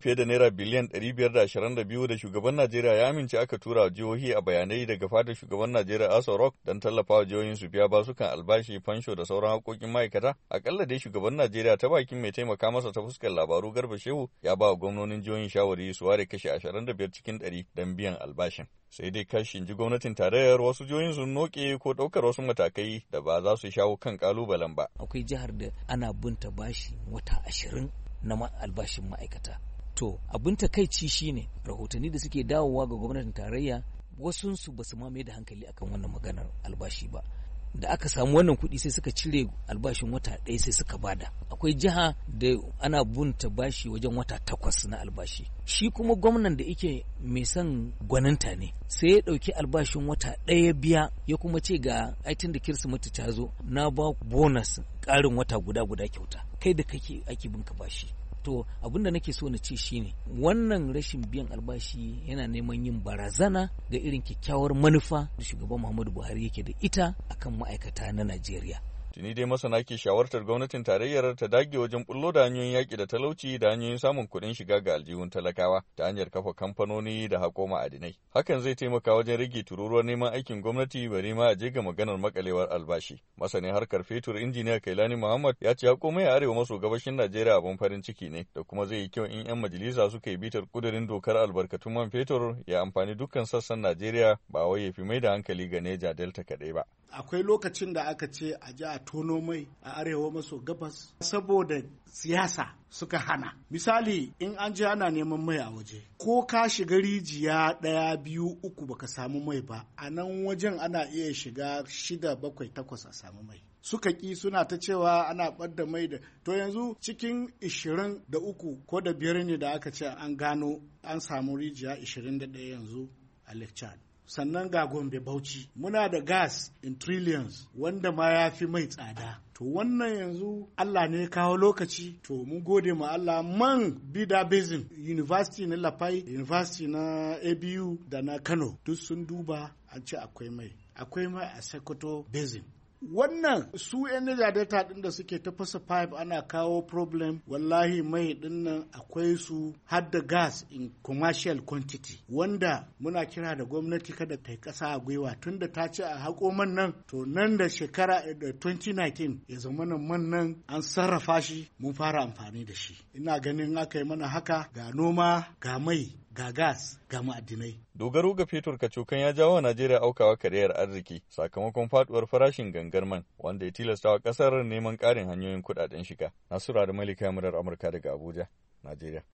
fiye da naira biliyan 522 da shugaban Najeriya ya amince aka tura jihohi a bayanai daga fadar shugaban Najeriya Aso Rock don tallafawa jihohin su biya basukan albashi, fansho da sauran haƙoƙin ma'aikata. Akalla dai shugaban Najeriya ta bakin mai taimaka masa ta fuskar labaru Garba Shehu ya ba wa gwamnonin jihohin shawari su ware kashi 25 cikin 100 don biyan albashin. Sai dai kashin ji gwamnatin tarayyar wasu jihohin sun noke ko ɗaukar wasu matakai da ba za su shawo kan ƙalubalen ba. Akwai jihar da ana bunta bashi wata ashirin na albashin ma'aikata to abin takaici shine rahotanni da suke dawowa ga gwamnatin tarayya wasunsu ba su ma mai da hankali akan wannan maganar albashi ba da aka samu wannan kuɗi sai suka cire albashin wata ɗaya sai suka bada akwai jiha da ana bunta bashi wajen wata takwas na albashi shi kuma gwamnan da yake mai son gwaninta ne sai ya ɗauki albashin wata ɗaya biya ya kuma ce ga aitin da kirsimeti ta zo na ba bonus ƙarin wata guda guda kyauta kai da kake ake binka bashi to abin da nake so na ce shine wannan rashin biyan albashi yana neman yin barazana ga irin kyakkyawar manufa da shugaban muhammadu buhari yake da ita akan ma'aikata na najeriya Tuni dai masana ke shawartar gwamnatin tarayyar ta dage wajen bullo da hanyoyin yaƙi da talauci da hanyoyin samun kuɗin shiga ga aljihun talakawa ta hanyar kafa kamfanoni da haƙo ma'adinai. Hakan zai taimaka wajen rage tururuwar neman aikin gwamnati bari ma a je ga maganar makalewar albashi. Masanin harkar fetur injiniya Kailani Muhammad ya ce haƙo mai arewa maso gabashin Najeriya abin farin ciki ne da kuma zai yi kyau in 'yan majalisa suka yi bitar kudirin dokar albarkatun man fetur ya amfani dukkan sassan Najeriya ba wai ya fi mai da hankali ga Neja Delta kaɗai ba. akwai lokacin da aka ce a ji a tono mai a arewa maso gabas saboda siyasa suka hana misali in an ji ana neman mai a waje ko ka shiga rijiya ɗaya biyu uku baka samu mai ba a nan wajen ana iya shiga shida bakwai takwas a samu mai suka ƙi suna ta cewa ana ɓadda mai da to yanzu cikin da uku ko da biyar ne da aka ce an gano an samu rijiya ɗaya yanzu a lake sannan ga gombe bauchi muna da gas in trillions wanda ma ya fi mai tsada to wannan yanzu Allah ne kawo lokaci to mun gode ma Allah man bida basin university na lafai university na abu da na kano duk sun duba an ce akwai mai akwai mai a sokoto basin wannan su yan Niger din da suke ta fasa pipe ana kawo problem wallahi mai din nan akwai su har da gas in commercial quantity wanda muna kira da gwamnati kada ta yi ƙasa a gwiwa tunda ta ce a haƙo man nan to nan da shekara 2019 eh, ya zama nan man nan an sarrafa shi mun fara amfani da shi ina ganin aka yi mana haka ga noma ga mai ga gas ga ma'adinai. Dogaro ga fetur kacokan ya jawo wa Najeriya aukawa kariyar arziki sakamakon faduwar farashin gangar man wanda ya tilastawa kasar neman ƙarin hanyoyin kuɗaɗen shiga. Nasura da Malika Murar Amurka daga Abuja, Najeriya.